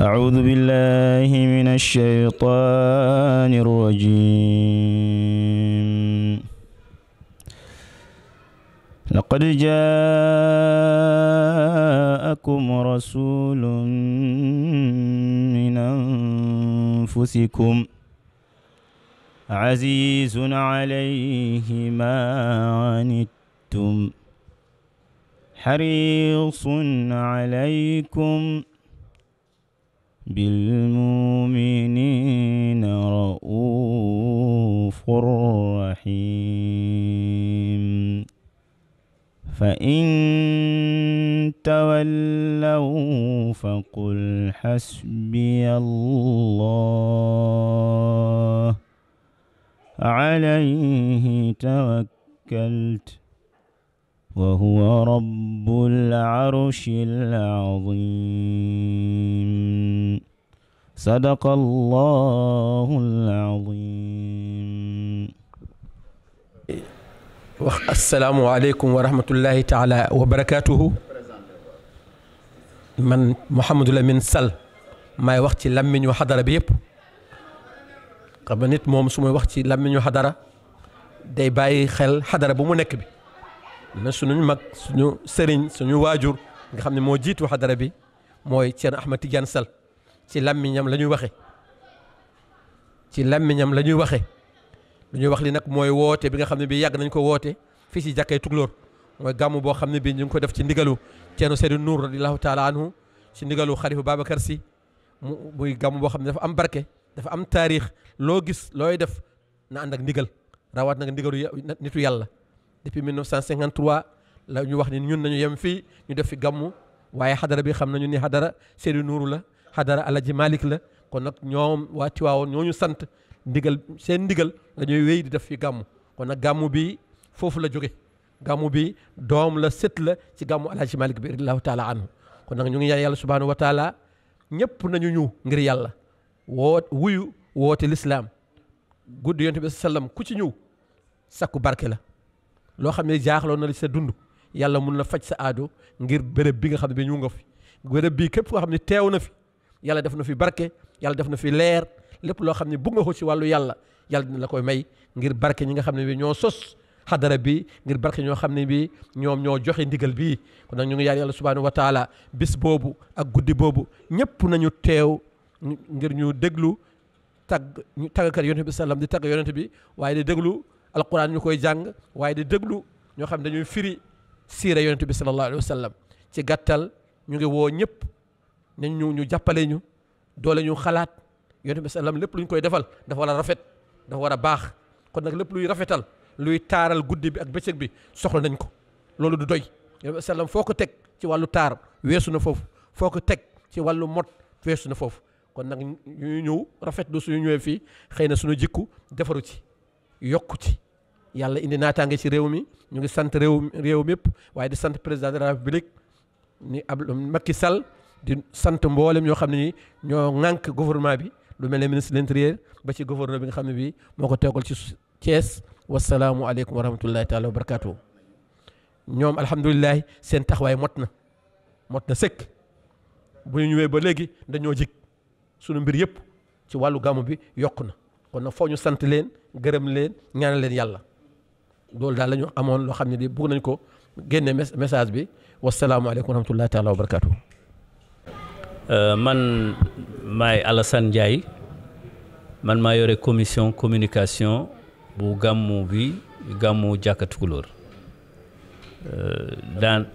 أعوذ بالله من الشيطان الرجيم لقد جاءكم رسول من أنفسكم عزيز عليه ما عنتم حريص عليكم بالمؤمنين رؤوف رحيم فإن تولوا فقل حسبي الله عليه توكلت وهو رب العرش العظيم sadaqallaahul aziim wax assalaamu wa rahmatullahi taala wa barakaatuhu man Mouhamadou min sal may wax ci wa xadara bi yëpp xam nit moom su may wax ci làmmiñu xadara day bàyyi xel xadara bu mu nekk bi na suñu mag suñu sëriñ suñu waajur nga xam ne moo jiitu xadara bi mooy Thierno Ahmed Tidiane Sall ci làmmiñam la ñuy waxe ci làmmiñam la ñuy waxe lu ñuy wax li nag mooy woote bi nga xam ne bii yàgg nañ ko woote fii ci jàkkay Tukulóor mooy gàmm boo xam ne bii ñu koy def ci ndigalu Ceerno Seydu Nuur radiyallaahu taala anhu ci ndigalu xalifa Babacar Si mu muy gàmmu boo xam ne dafa am barke dafa am taarix loo gis looy def na ànd ak ndigal rawaat nag ndigalu nitu yàlla depuis 1953 la ñu wax ni ñun nañu yem fii ñu def fi gàmmu waaye xadara bi xam nañu ni xadara Seydu Nuuru la xadara alaji malik la kon nag ñoom waa Tiwaawoon ñoo ñu sant ndigal seen ndigal dañuy wéy di def fii gàmmu kon nag gàmmu bi foofu la jóge gàmmu bi doom la sët la ci gàmmu alaji malik bi radiyallahu taala kon nag ñu ngi yaay yàlla subhanahu wa taala ñëpp nañu ñu ngir yàlla woo wuyu woote lislaam guddi yonent bi sallam ku ci ñëw sakku barke la loo xam ne jaaxaloon na li sa dund yàlla mun na faj sa aado ngir bërëb bi nga xam ne bi ñu nga fi béréb bii képp nga xam ne teew na fi yàlla def na fi barke yàlla def na fi leer lépp loo xam ne bugg nga ko ci wàllu yàlla yàlla dina la koy may ngir barke ñi nga xam ne bi ñoo sos xadara bi ngir barke ñoo xam ne bi ñoom ñoo joxe ndigal bi kon nag ñu ngi yaar yàlla subhanahu wa taala bis boobu ak guddi boobu ñëpp nañu teew ngir ñu déglu tagg ñu tàggkat yonent bi sallam di tagg yonent bi waaye di déglu alquran ñu koy jàng waaye di déglu ñoo xam ne dañuy firi siira yonent bi sallallahu alayhi wa ci gàttal ñu ngi woo ñëpp nañ ñu ñu jàppale ñu doole ñu xalaat yonent bi salaam lépp luñ koy defal dafa war a rafet dafa war a baax kon nag lépp luy rafetal luy taaral guddi bi ak bëccëg bi soxla nañ ko loolu du doy yonent bi foo ko teg ci wàllu taar weesu na foofu foo ko teg ci wàllu mot weesu na foofu kon nag ñu ñëw rafetlu suñu ñëwee fii xëy na suñu jikku defaru ci yokku ci yàlla indi naataange ci réew mi ñu ngi sant réew réew mépp waaye di sant président de la république ni ab Macky Sall di sant mboolem ñoo xam ne ni ñoo ŋànk gouvernement bi lu mel ne ministre de ba ci gouverneur bi nga xam ne bii moo ko tegal ci Thiès wasalaamu aleykum wa rahmatullahi taala wa barakaatu. ñoom alhamdulilah seen taxawaay mot na mot na sëkk bu ñu ñëwee ba léegi dañoo jig sunu mbir yëpp ci wàllu gàmmu bi yokk na kon nag foo ñu sant leen gërëm leen ñaanal leen yàlla loolu daal lañu ñu amoon loo xam ne di bëgg nañ ko génne message bi wasalaamu aleykum wa rahmatullahi taala wa Euh, man maay Alassane Ndiaye man maa yore commission communication bu gàmmu bi gàmmu Jaka Tukulóor euh, daan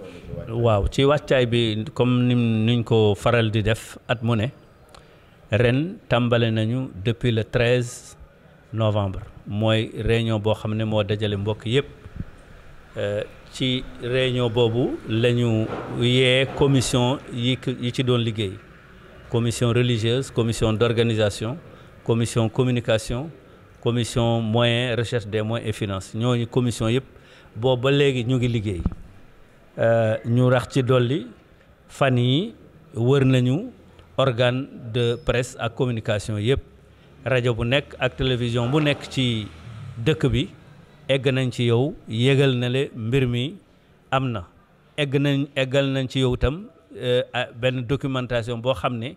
waaw ci wàccaay bi comme ni nuñ ko faral di def at mu ne ren tàmbale nañu depuis le 13 novembre mooy réunion boo xam ne moo dajale mbokk yépp euh, ci réunion boobu la ñu yee commission yi yi ci doon liggéey commission religieuse commission d'organisation commission communication commission moyens recherche des moyens et finances ñooñu commission yëpp boobu ba léegi ñu ngi liggéey euh, ñu rax ci dolli fan yi wër nañu organe de presse ak communication yëpp rajo bu nekk ak télévision bu nekk ci dëkk bi egg nañ ci yow yégal na le mbir mi am na egg nañ eggal nañ ci yow itam eh, benn documentation boo xam ne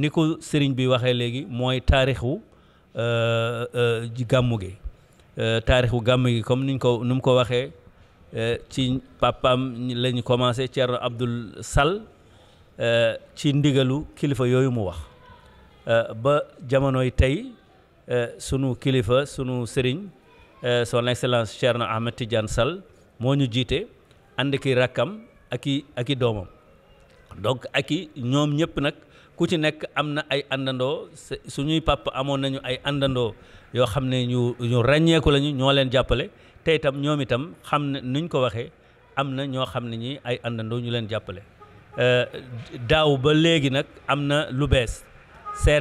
ni ko sëriñ bi waxee léegi mooy taarixu eh, eh, gàmmu gi taarixu gàmmu gi comme niñ ko nu mu ko waxee ci papaam lañu commencé Thierno sal Sall ci ndigalu kilifa yooyu mu wax ba jamonoy tey sunu kilifa sunu sëriñ Euh, son excellence na Ahmed Tidiane sal moo ñu jiite ànd ki rakkam ak i ak doomam donc ak i ñoom ñëpp nag ku ci nekk am na ay àndandoo suñuy pàpp amoon nañu ay àndandoo yoo xam ne ñu ñu ràññeeku lañu ñoo leen jàppale tey itam ñoom itam xam ne nuñ ko waxee am na ñoo xam ne ñi ay àndandoo ñu leen jàppale euh, daaw ba léegi nag am na lu bees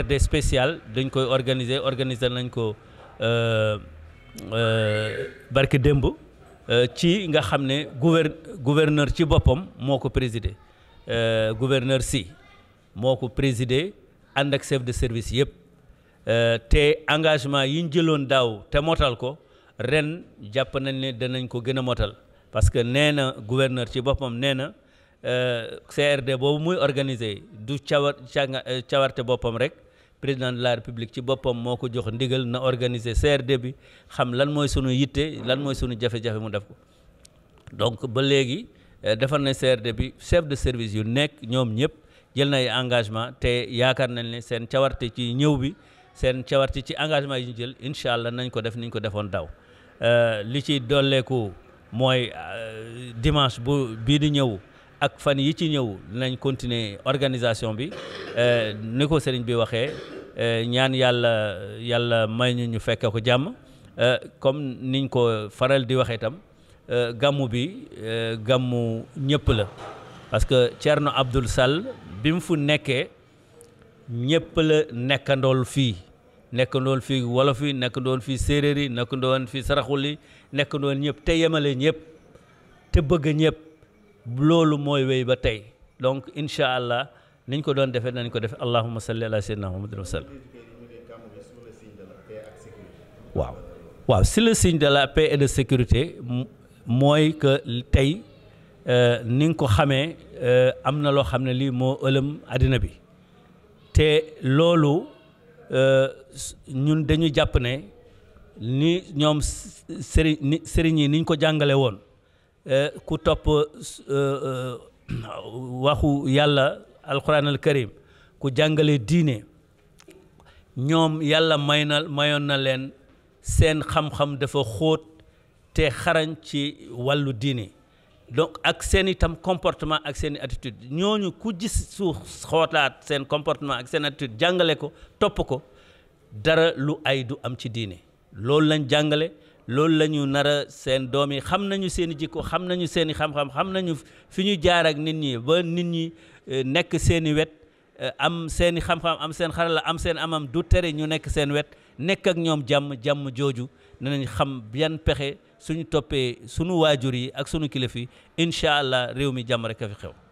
de spécial dañ koy organiser organiser nañ ko. Euh, Euh, barki démb euh, ci nga xam ne gouver gouverneur ci boppam moo ko présider euh, gouverneur si moo ko présider ànd ak chef de service yëpp te engagement yi ñu jëloon daaw te motal ko ren jàpp nañ ne danañ ko gën a motal parce que nee na gouverneur ci boppam nee na CRD boobu muy organiser du cawar cawarte boppam rek président de la république ci boppam moo ko jox ndigal na organiser CRD bi xam lan mooy sunu yitte lan mooy sunu jafe-jafe mu def ko donc ba léegi euh, defar na CRD bi chef de service yu nekk ñoom ñëpp jël na engagement te yaakaar nañ ne seen cawarte ci ñëw bi seen cawarte ci engagement yi ñu jël incha allah nañ ko def niñ ko defoon daw euh, li ci dolleeku mooy euh, dimanche bu bii di ñëw ak fan yi ci ñëw nañ continuer organisation bi ni ko sëriñ bi waxee Eh, ñaan yàlla yàlla may ñu ñu fekke ko jàmm eh, comme niñ ko faral di waxee itam eh, gàmmu bi gàmmu ñëpp la parce que Thierno Abdoul Sall bi mu fu nekkee ñëpp la nekkandool fii nekkandoon fii wolof yi nekkandoon fii séeréer yi nekkandoon fii saraxul yi nekkandoon ñëpp te yemale ñëpp te bëgg ñëpp loolu mooy wéy ba tey donc incha allah niñ ko doon defee nañ ko def allahumma salli ala sayyidina muhammadin wa sallam waaw waaw si le signe de la paix et de sécurité mooy que tey euh, ni nga ko xamee euh, am na loo xam ne lii moo ëlëm àddina bi te loolu euh, ñun dañu jàpp ne ni ñoom sëriñ sëriñ yi niñ ko jàngale woon ku topp waxu yàlla alquran al karim ku jàngale diine ñoom yàlla may na mayoon na leen seen xam-xam dafa xóot te xarañ ci wàllu diine donc ak seen itam comportement ak seen attitude ñooñu ku gis suuf xootaat seen comportement ak seen attitude jàngale ko topp ko dara lu ay du am ci diine loolu lañ jàngale loolu la ñu nar a seen doom yi xam nañu seen i jikko xam nañu seeni i xam-xam xam nañu fi ñu jaar ak nit ñi ba nit ñi eh, nekk seen i wet eh, am seeni i xam-xam am seen xarala am seen amam du tere ñu nekk seen wet nekk ak ñoom jàmm jàmm jooju nañu xam yan pexe suñu toppee suñu waajur yi ak suñu kilif yi incha allah réew mi jàmm rek a fi xew.